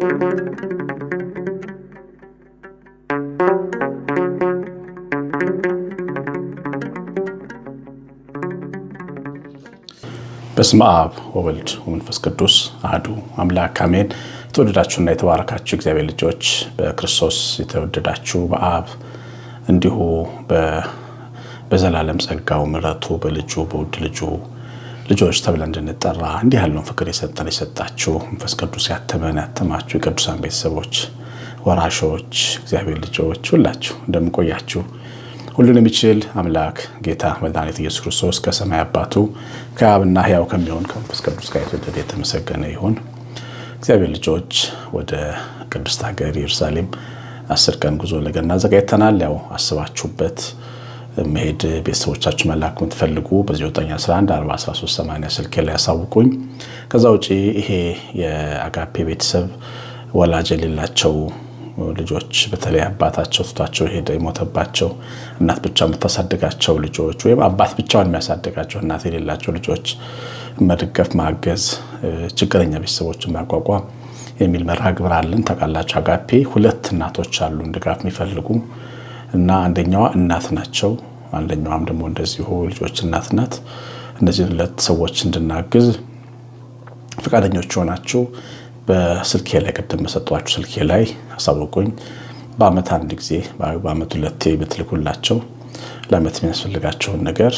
በስመ አብ ወወልድ ወመንፈስ ቅዱስ አህዱ አምላክ አሜን። የተወደዳችሁና የተባረካችሁ እግዚአብሔር ልጆች በክርስቶስ የተወደዳችሁ በአብ እንዲሁ በዘላለም ጸጋው ምረቱ በልጁ በውድ ልጁ ልጆች ተብለን እንድንጠራ እንዲህ ያለውን ፍቅር የሰጠን የሰጣችሁ መንፈስ ቅዱስ ያተመን ያተማችሁ የቅዱሳን ቤተሰቦች፣ ወራሾች፣ እግዚአብሔር ልጆች ሁላችሁ እንደምቆያችሁ ሁሉን የሚችል አምላክ ጌታ መድኃኒት ኢየሱስ ክርስቶስ ከሰማይ አባቱ ከአብና ያው ከሚሆን ከመንፈስ ቅዱስ ጋር የተወደደ የተመሰገነ ይሁን። እግዚአብሔር ልጆች ወደ ቅድስት ሀገር ኢየሩሳሌም አስር ቀን ጉዞ ለገና አዘጋጅተናል። ያው አስባችሁበት መሄድ ቤተሰቦቻችን መላክ የምትፈልጉ በ 9114138 ስልኬ ላይ ያሳውቁኝ። ከዛ ውጭ ይሄ የአጋፔ ቤተሰብ ወላጅ የሌላቸው ልጆች በተለይ አባታቸው ትቷቸው ሄደ የሞተባቸው እናት ብቻ የምታሳድጋቸው ልጆች ወይም አባት ብቻውን የሚያሳድጋቸው እናት የሌላቸው ልጆች መደገፍ፣ ማገዝ፣ ችግረኛ ቤተሰቦችን ማቋቋም የሚል መርሃ ግብር አለን። ታውቃላችሁ አጋፔ ሁለት እናቶች አሉ ድጋፍ የሚፈልጉ እና አንደኛዋ እናት ናቸው። አንደኛዋም ደግሞ እንደዚሁ ልጆች እናት ናት። እነዚህ ሁለት ሰዎች እንድናግዝ ፈቃደኞች ሆናችሁ በስልኬ ላይ ቅድም በሰጠኋችሁ ስልኬ ላይ አሳውቁኝ። በአመት አንድ ጊዜ በአመት ሁለቴ ብትልኩላቸው ለአመት የሚያስፈልጋቸውን ነገር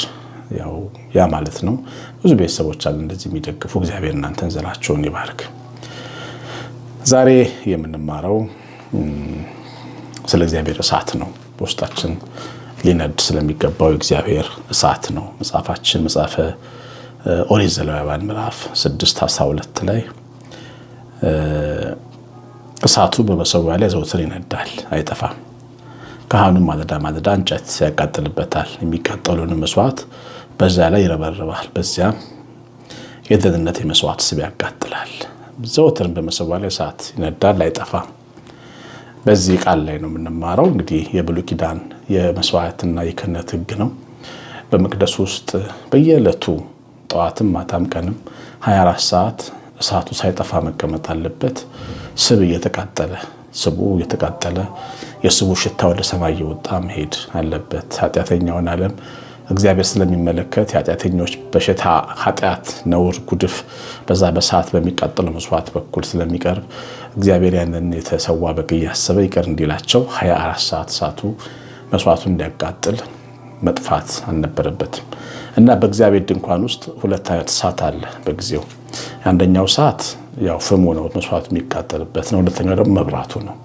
ያው ያ ማለት ነው። ብዙ ቤተሰቦች አሉ እንደዚህ የሚደግፉ። እግዚአብሔር እናንተን ዘራቸውን ይባርክ። ዛሬ የምንማረው ስለ እግዚአብሔር እሳት ነው። በውስጣችን ሊነድ ስለሚገባው የእግዚአብሔር እሳት ነው። መጽሐፋችን መጽሐፈ ኦሪት ዘሌዋውያን ምዕራፍ 6 12 ላይ እሳቱ በመሰዊያ ላይ ዘውትር ይነዳል፣ አይጠፋም። ካህኑም ማለዳ ማለዳ እንጨት ያቃጥልበታል፣ የሚቃጠሉንም መስዋዕት በዚያ ላይ ይረበርባል፣ በዚያም የደህንነት የመስዋዕት ስብ ያቃጥላል። ዘውትርን በመሰዊያ ላይ እሳት ይነዳል፣ አይጠፋም። በዚህ ቃል ላይ ነው የምንማረው። እንግዲህ የብሉይ ኪዳን የመስዋዕትና የክህነት ህግ ነው። በመቅደሱ ውስጥ በየዕለቱ ጠዋትም ማታም ቀንም 24 ሰዓት እሳቱ ሳይጠፋ መቀመጥ አለበት። ስብ እየተቃጠለ ስቡ እየተቃጠለ የስቡ ሽታ ወደ ሰማይ እየወጣ መሄድ አለበት። ኃጢአተኛውን ዓለም እግዚአብሔር ስለሚመለከት የኃጢአተኞች በሽታ ኃጢአት፣ ነውር፣ ጉድፍ በዛ በሰዓት በሚቃጠለው መስዋዕት በኩል ስለሚቀርብ እግዚአብሔር ያንን የተሰዋ በግ እያሰበ ይቅር እንዲላቸው 24 ሰዓት እሳቱ መስዋዕቱ እንዲያቃጥል መጥፋት አልነበረበትም እና በእግዚአብሔር ድንኳን ውስጥ ሁለት አይነት እሳት አለ በጊዜው። አንደኛው እሳት ያው ፍሙ ነው፣ መስዋዕቱ የሚቃጠልበት ነው። ሁለተኛው ደግሞ መብራቱ ነው።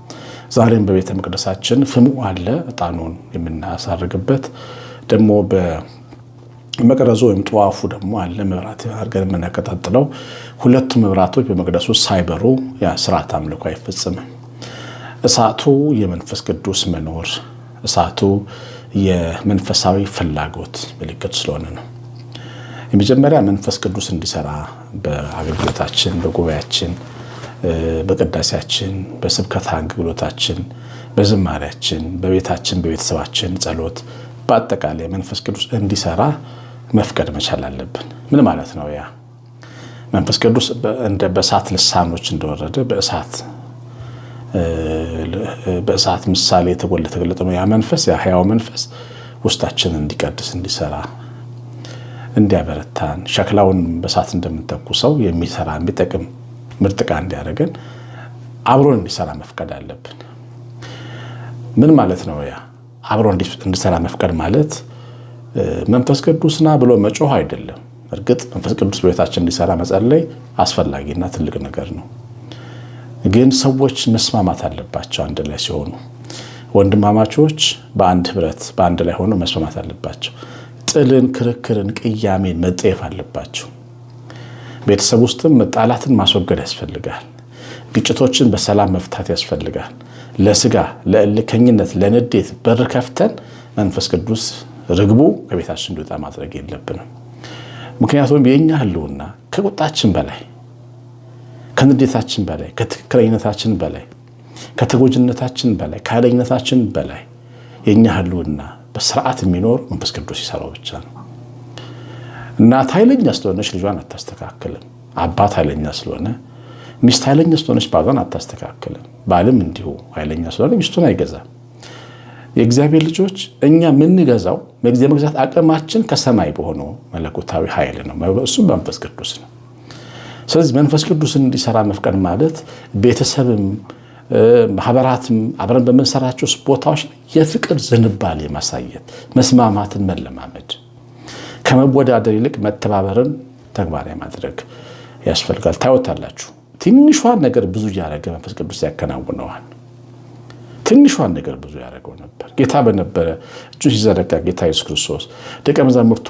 ዛሬም በቤተ መቅደሳችን ፍሙ አለ፣ እጣኑን የምናሳርግበት ደግሞ መቅረዙ ወይም ጠዋፉ ደግሞ አለ መብራት አድርገን የምናቀጣጥለው። ሁለቱ መብራቶች በመቅደሱ ሳይበሩ ስርዓት አምልኮ አይፈጽምም። እሳቱ የመንፈስ ቅዱስ መኖር፣ እሳቱ የመንፈሳዊ ፍላጎት ምልክት ስለሆነ ነው። የመጀመሪያ መንፈስ ቅዱስ እንዲሰራ በአገልግሎታችን፣ በጉባኤያችን፣ በቅዳሴያችን፣ በስብከት አገልግሎታችን፣ በዝማሪያችን፣ በቤታችን፣ በቤተሰባችን ጸሎት በአጠቃላይ መንፈስ ቅዱስ እንዲሰራ መፍቀድ መቻል አለብን። ምን ማለት ነው? ያ መንፈስ ቅዱስ እንደ በእሳት ልሳኖች እንደወረደ በእሳት በእሳት ምሳሌ የተጎለ ተገለጠ ነው። ያ መንፈስ ያ ህያው መንፈስ ውስጣችንን እንዲቀድስ እንዲሰራ እንዲያበረታን ሸክላውን በእሳት እንደምንተኩሰው የሚሰራ የሚጠቅም ምርጥቃ እንዲያደርገን አብሮን እንዲሰራ መፍቀድ አለብን። ምን ማለት ነው? ያ አብሮ እንዲሰራ መፍቀድ ማለት መንፈስ ቅዱስ ና ብሎ መጮህ አይደለም። እርግጥ መንፈስ ቅዱስ በቤታችን እንዲሰራ መጸለይ አስፈላጊና ትልቅ ነገር ነው። ግን ሰዎች መስማማት አለባቸው። አንድ ላይ ሲሆኑ ወንድማማቾች በአንድ ህብረት በአንድ ላይ ሆኖ መስማማት አለባቸው። ጥልን፣ ክርክርን፣ ቅያሜን መጠየፍ አለባቸው። ቤተሰብ ውስጥም መጣላትን ማስወገድ ያስፈልጋል። ግጭቶችን በሰላም መፍታት ያስፈልጋል። ለስጋ ለእልከኝነት፣ ለንዴት በር ከፍተን መንፈስ ቅዱስ ርግቡ ከቤታችን እንዲወጣ ማድረግ የለብንም። ምክንያቱም የእኛ ህልውና ከቁጣችን በላይ ከንዴታችን በላይ ከትክክለኝነታችን በላይ ከተጎጅነታችን በላይ ከኃይለኝነታችን በላይ የእኛ ህልውና በስርዓት የሚኖር መንፈስ ቅዱስ ይሰራው ብቻ ነው። እናት ኃይለኛ ስለሆነች ልጇን አታስተካክልም። አባት ኃይለኛ ስለሆነ ሚስት ኃይለኛ ስለሆነች ባሏን አታስተካክልም። ባልም እንዲሁ ኃይለኛ ስለሆነ ሚስቱን አይገዛም። የእግዚአብሔር ልጆች እኛ የምንገዛው መግዛት አቅማችን ከሰማይ በሆነው መለኮታዊ ኃይል ነው። እሱም መንፈስ ቅዱስ ነው። ስለዚህ መንፈስ ቅዱስን እንዲሰራ መፍቀድ ማለት ቤተሰብም ማህበራትም አብረን በምንሰራቸው ቦታዎች የፍቅር ዝንባሌ ማሳየት፣ መስማማትን መለማመድ፣ ከመወዳደር ይልቅ መተባበርን ተግባራዊ ማድረግ ያስፈልጋል። ታዩታላችሁ። ትንሿን ነገር ብዙ እያደረገ መንፈስ ቅዱስ ያከናውነዋል። ትንሿን ነገር ብዙ ያደረገው ነበር። ጌታ በነበረ እጁን ሲዘረጋ ጌታ ኢየሱስ ክርስቶስ ደቀ መዛሙርቱ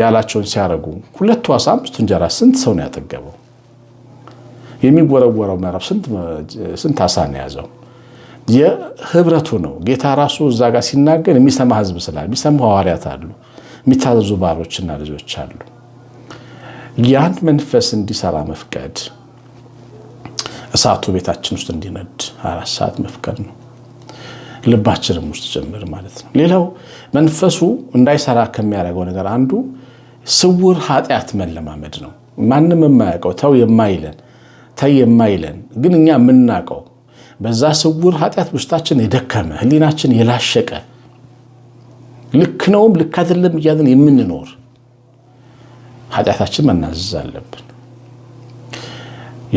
ያላቸውን ሲያደርጉ ሁለቱ ዓሣ አምስቱ እንጀራ ስንት ሰው ነው ያጠገበው? የሚወረወረው መረብ ስንት ዓሣ ነው የያዘው? የህብረቱ ነው። ጌታ ራሱ እዛ ጋር ሲናገር የሚሰማ ህዝብ ስላለ የሚሰማ ሐዋርያት አሉ፣ የሚታዘዙ ባሮችና ልጆች አሉ። ያን መንፈስ እንዲሰራ መፍቀድ እሳቱ ቤታችን ውስጥ እንዲነድ አራት ሰዓት መፍቀድ ነው። ልባችንም ውስጥ ጭምር ማለት ነው። ሌላው መንፈሱ እንዳይሰራ ከሚያደርገው ነገር አንዱ ስውር ኃጢአት መለማመድ ነው። ማንም የማያውቀው ተው የማይለን ተይ የማይለን ግን እኛ የምናውቀው በዛ ስውር ኃጢአት ውስጣችን የደከመ ህሊናችን የላሸቀ ልክ ነውም ልክ አይደለም እያለን የምንኖር ኃጢአታችን መናዘዝ አለብን።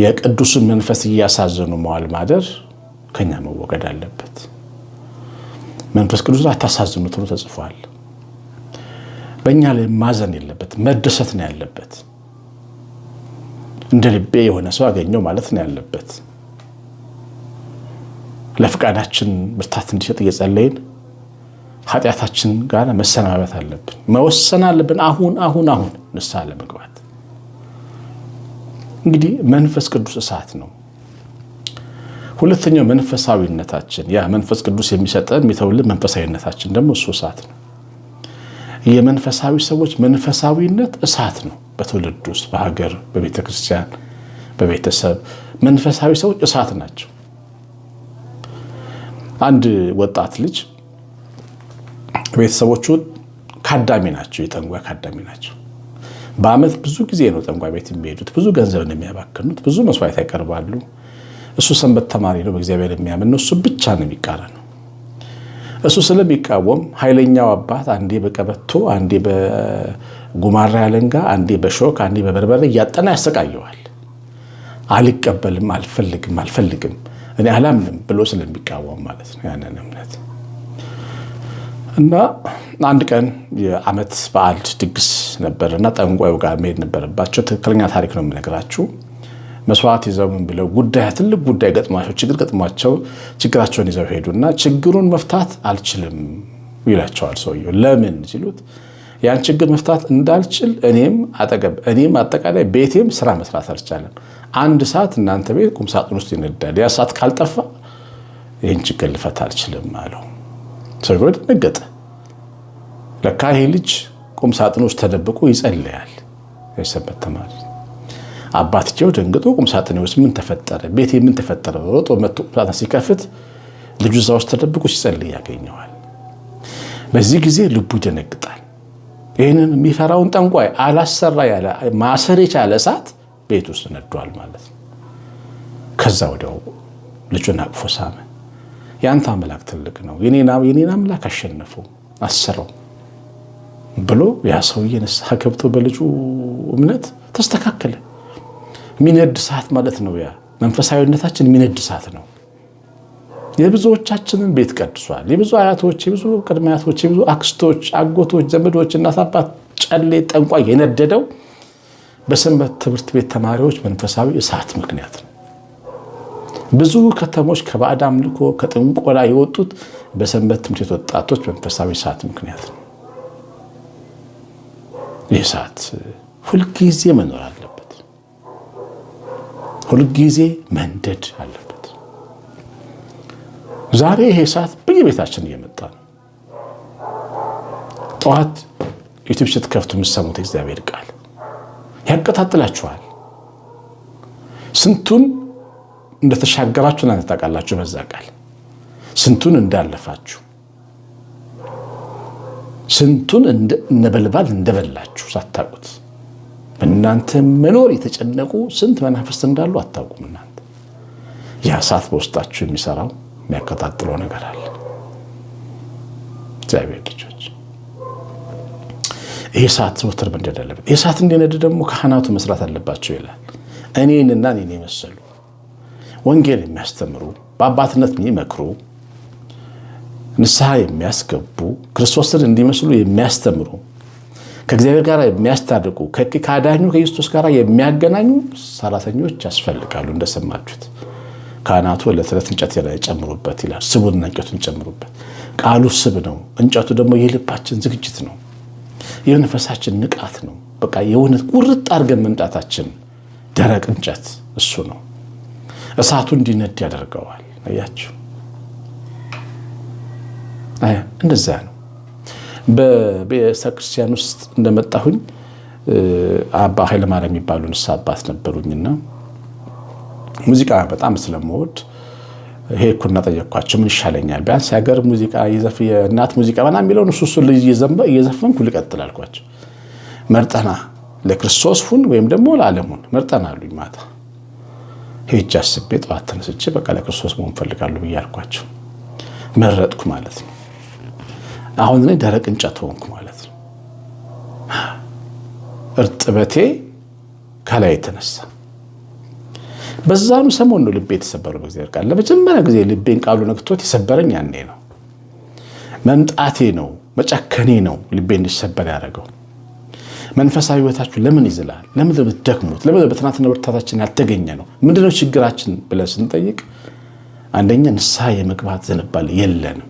የቅዱስን መንፈስ እያሳዘኑ መዋል ማደር ከኛ መወገድ አለበት። መንፈስ ቅዱስ አታሳዝኑ ተብሎ ተጽፏል። በእኛ ላይ ማዘን የለበት መደሰት ነው ያለበት። እንደ ልቤ የሆነ ሰው አገኘው ማለት ነው ያለበት። ለፍቃዳችን ብርታት እንዲሰጥ እየጸለይን ኃጢአታችን ጋር መሰናበት አለብን፣ መወሰን አለብን። አሁን አሁን አሁን ንስሐ ለመግባት እንግዲህ መንፈስ ቅዱስ እሳት ነው። ሁለተኛው መንፈሳዊነታችን ያ መንፈስ ቅዱስ የሚሰጠን የሚተውልን መንፈሳዊነታችን ደግሞ እሱ እሳት ነው። የመንፈሳዊ ሰዎች መንፈሳዊነት እሳት ነው። በትውልድ ውስጥ፣ በሀገር፣ በቤተ ክርስቲያን፣ በቤተሰብ መንፈሳዊ ሰዎች እሳት ናቸው። አንድ ወጣት ልጅ ቤተሰቦቹ ካዳሚ ናቸው፣ የጠንቋይ ካዳሚ ናቸው። በዓመት ብዙ ጊዜ ነው ጠንቋይ ቤት የሚሄዱት። ብዙ ገንዘብ ነው የሚያባክኑት። ብዙ መስዋዕት ያቀርባሉ። እሱ ሰንበት ተማሪ ነው። በእግዚአብሔር የሚያምን ነው። እሱ ብቻ ነው የሚቃረነው። እሱ ስለሚቃወም ኃይለኛው አባት አንዴ በቀበቶ አንዴ በጉማሬ አለንጋ አንዴ በሾክ አንዴ በበርበሬ እያጠና ያሰቃየዋል። አልቀበልም፣ አልፈልግም፣ አልፈልግም እኔ አላምንም ብሎ ስለሚቃወም ማለት ነው ያንን እምነት እና አንድ ቀን የዓመት በዓል ድግስ ነበርና ጠንቋዩ ጋር መሄድ ነበረባቸው። ትክክለኛ ታሪክ ነው የምነግራችሁ። መስዋዕት ይዘሙን ብለው ጉዳይ ትልቅ ጉዳይ ገጥማቸው ችግር ገጥማቸው ችግራቸውን ይዘው ሄዱና ችግሩን መፍታት አልችልም ይላቸዋል ሰውየው። ለምን ሲሉት ያን ችግር መፍታት እንዳልችል እኔም አጠገብ እኔም አጠቃላይ ቤቴም ስራ መስራት አልቻለም። አንድ ሰዓት እናንተ ቤት ቁምሳጥን ውስጥ ይነዳል። ያ ሰዓት ካልጠፋ ይህን ችግር ልፈት አልችልም አለው። ሰውየው ደነገጠ። ለካ ይሄ ልጅ ቁምሳጥን ውስጥ ተደብቆ ይጸልያል የሰንበት ተማሪ አባትየው ደንግጦ ቁምሳጥኔ ውስጥ ምን ተፈጠረ፣ ቤቴ ምን ተፈጠረ ሮጦ መጥቶ ቁምሳጥን ሲከፍት ልጁ እዛ ውስጥ ተደብቆ ሲጸልይ ያገኘዋል። በዚህ ጊዜ ልቡ ይደነግጣል። ይህንን የሚፈራውን ጠንቋይ አላሰራ ያለ ማሰር የቻለ እሳት ቤት ውስጥ ነዷል ማለት ነው። ከዛ ወዲያው ልጁን አቅፎ ሳመ። የአንተ አምላክ ትልቅ ነው፣ የኔን አምላክ አሸነፈው አሰረው ብሎ ያ ሰውዬ ንስሐ ገብቶ በልጁ እምነት ተስተካከለ። የሚነድ እሳት ማለት ነው። ያ መንፈሳዊነታችን የሚነድ እሳት ነው። የብዙዎቻችንን ቤት ቀድሷል። የብዙ አያቶች፣ የብዙ ቅድመ አያቶች፣ የብዙ አክስቶች፣ አጎቶች፣ ዘመዶች፣ እናት አባት፣ ጨሌ፣ ጠንቋ የነደደው በሰንበት ትምህርት ቤት ተማሪዎች መንፈሳዊ እሳት ምክንያት ነው። ብዙ ከተሞች ከባዕድ አምልኮ ከጥንቆላ የወጡት በሰንበት ትምህርት ቤት ወጣቶች መንፈሳዊ እሳት ምክንያት ነው። ይህ እሳት ሁልጊዜ መኖር አለ። ሁልጊዜ መንደድ አለበት። ዛሬ ይሄ እሳት በየቤታችን እየመጣ ነው። ጠዋት ዩቲብ ስትከፍቱ የምትሰሙት እግዚአብሔር ቃል ያቀጣጥላችኋል። ስንቱን እንደተሻገራችሁ እናንተ ታውቃላችሁ። በዛ ቃል ስንቱን እንዳለፋችሁ፣ ስንቱን እነበልባል እንደበላችሁ ሳታውቁት በእናንተ መኖር የተጨነቁ ስንት መናፍስት እንዳሉ አታውቁም። እናንተ ያ እሳት በውስጣችሁ የሚሰራው የሚያቀጣጥለው ነገር አለ። እግዚአብሔር ልጆች ይህ እሳት ዘወትር መንደድ አለበት። ይህ እሳት እንዲነድ ደግሞ ካህናቱ መስራት አለባቸው ይላል። እኔንና እኔን የመሰሉ ወንጌል የሚያስተምሩ በአባትነት የሚመክሩ ንስሐ የሚያስገቡ ክርስቶስን እንዲመስሉ የሚያስተምሩ ከእግዚአብሔር ጋር የሚያስታርቁ ከአዳኙ ከኢየሱስ ጋር የሚያገናኙ ሰራተኞች ያስፈልጋሉ። እንደሰማችሁት ካህናቱ ዕለት ዕለት እንጨት ጨምሩበት ይላል። ስቡንና እንጨቱን ጨምሩበት። ቃሉ ስብ ነው፣ እንጨቱ ደግሞ የልባችን ዝግጅት ነው፣ የመንፈሳችን ንቃት ነው። በቃ የእውነት ቁርጥ አድርገን መምጣታችን። ደረቅ እንጨት እሱ ነው፣ እሳቱ እንዲነድ ያደርገዋል። አያችሁ፣ እንደዚያ ነው። በቤተ ክርስቲያን ውስጥ እንደመጣሁኝ አባ ኃይለማርያም የሚባሉ ንስሐ አባት ነበሩኝና ሙዚቃ በጣም ስለምወድ ሄድኩና ጠየቅኳቸው፣ ምን ይሻለኛል ቢያንስ የሀገር ሙዚቃ የእናት ሙዚቃ ምናምን የሚለውን እሱ እሱን ልጅ እየዘፈንኩ ልቀጥል አልኳቸው። መርጠና ለክርስቶስ ሁን ወይም ደግሞ ለዓለም መርጠና አሉኝ። ማታ ሄጄ አስቤ ጠዋት ተነስቼ በቃ ለክርስቶስ መሆን ፈልጋሉ ብዬ አልኳቸው። መረጥኩ ማለት ነው። አሁን ላይ ደረቅ እንጨት ሆንኩ ማለት ነው። እርጥበቴ ከላይ የተነሳ በዛኑ ሰሞኑ ልቤ የተሰበረው በእግዚአብሔር ቃል። ለመጀመሪያ ጊዜ ልቤን ቃሉ ነክቶት የሰበረኝ ያኔ ነው። መምጣቴ ነው መጨከኔ ነው ልቤ እንዲሰበር ያደረገው። መንፈሳዊ ህይወታችሁ ለምን ይዝላል? ለምን የምትደክሙት? ለምን በትናንትና ብርታታችን ያልተገኘ ነው? ምንድነው ችግራችን ብለን ስንጠይቅ አንደኛ ንስሐ የመግባት ዝንባል የለንም።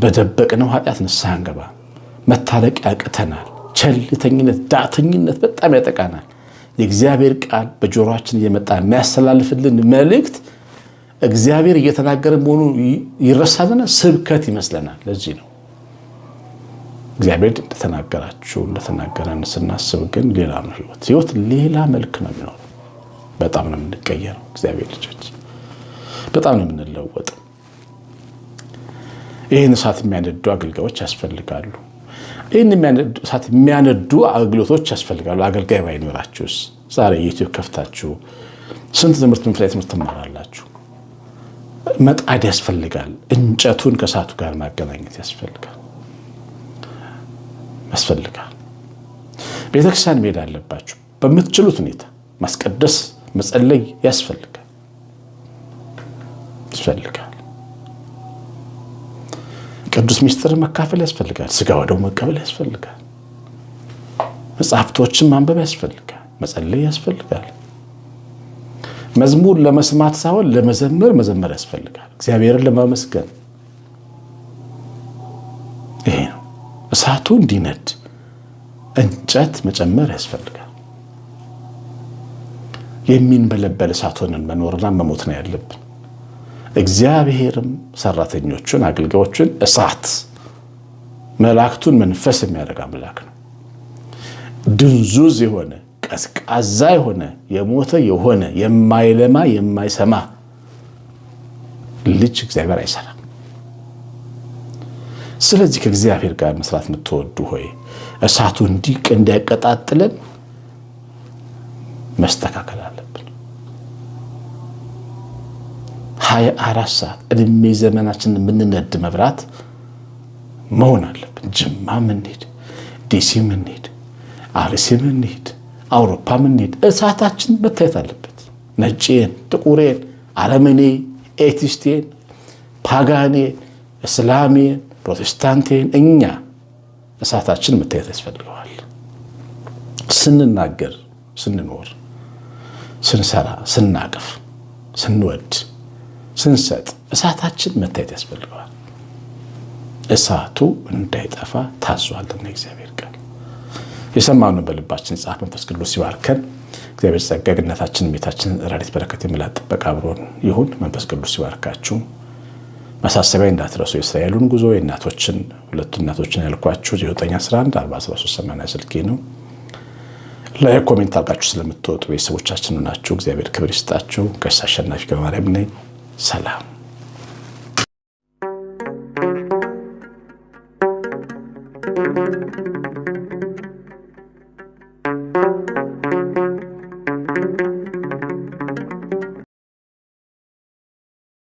በደበቅነው ኃጢአት ንስሐ እንገባ። መታለቅ ያቅተናል። ቸልተኝነት፣ ዳተኝነት በጣም ያጠቃናል። የእግዚአብሔር ቃል በጆሮችን እየመጣ የሚያስተላልፍልን መልእክት እግዚአብሔር እየተናገረ መሆኑ ይረሳልና ስብከት ይመስለናል። ለዚህ ነው እግዚአብሔር እንደተናገራችሁ እንደተናገረን ስናስብ ግን ሌላ ነው ህይወት ህይወት ሌላ መልክ ነው የሚኖረው። በጣም ነው የምንቀየረው። እግዚአብሔር ልጆች በጣም ነው የምንለወጠው። ይህን እሳት የሚያነዱ አገልጋዮች ያስፈልጋሉ። ይህን እሳት የሚያነዱ አገልግሎቶች ያስፈልጋሉ። አገልጋይ ባይኖራችሁስ? ዛሬ የኢትዮ ከፍታችሁ ስንት ትምህርት ምፍላይ ትምህርት ትማራላችሁ። መጣድ ያስፈልጋል። እንጨቱን ከእሳቱ ጋር ማገናኘት ያስፈልጋል ያስፈልጋል። ቤተክርስቲያን መሄድ አለባችሁ። በምትችሉት ሁኔታ ማስቀደስ፣ መጸለይ ያስፈልጋል ያስፈልጋል። ቅዱስ ሚስጥር መካፈል ያስፈልጋል። ስጋ ወደው መቀበል ያስፈልጋል። መጽሐፍቶችን ማንበብ ያስፈልጋል። መጸለይ ያስፈልጋል። መዝሙር ለመስማት ሳይሆን ለመዘመር መዘመር ያስፈልጋል። እግዚአብሔርን ለማመስገን ይሄ ነው። እሳቱ እንዲነድ እንጨት መጨመር ያስፈልጋል። የሚንበለበል እሳት ሆነን መኖርና መሞት ነው ያለብን። እግዚአብሔርም ሰራተኞቹን አገልጋዮቹን እሳት መላእክቱን መንፈስ የሚያደርግ አምላክ ነው። ድንዙዝ የሆነ ቀዝቃዛ የሆነ የሞተ የሆነ የማይለማ የማይሰማ ልጅ እግዚአብሔር አይሰራም። ስለዚህ ከእግዚአብሔር ጋር መስራት የምትወዱ ሆይ እሳቱ እንዲቅ እንዳይቀጣጥለን መስተካከላል ሀያ አራት ሰዓት እድሜ ዘመናችንን የምንነድ መብራት መሆን አለብን። ጅማ ምንሄድ፣ ዲሲ ምንሄድ፣ አርሲ ምንሄድ፣ አውሮፓ ምንሄድ እሳታችን መታየት አለበት። ነጭን፣ ጥቁሬን፣ አረመኔ፣ ኤቲስቴን፣ ፓጋኔን፣ እስላሜን፣ ፕሮቴስታንቴን እኛ እሳታችን መታየት ያስፈልገዋል። ስንናገር፣ ስንኖር፣ ስንሰራ፣ ስናቅፍ፣ ስንወድ ስንሰጥ እሳታችን መታየት ያስፈልገዋል። እሳቱ እንዳይጠፋ ታዟልና እግዚአብሔር ቃል የሰማነው በልባችን ጻፍ። መንፈስ ቅዱስ ሲባርከን እግዚአብሔር ጸጋ ገነታችን ቤታችን ረድኤት በረከት የምላት ጥበቃ አብሮን ይሁን። መንፈስ ቅዱስ ሲባርካችሁ ማሳሰቢያ እንዳትረሱ። የእስራኤሉን ጉዞ የእናቶችን ሁለቱ እናቶችን ያልኳችሁ 91143 ስልኬ ነው። ላይ ኮሜንት አድርጋችሁ ስለምትወጡ ቤተሰቦቻችን ናችሁ። እግዚአብሔር ክብር ይስጣችሁ። ቀሲስ አሸናፊ ገብረማርያም ነኝ። سلام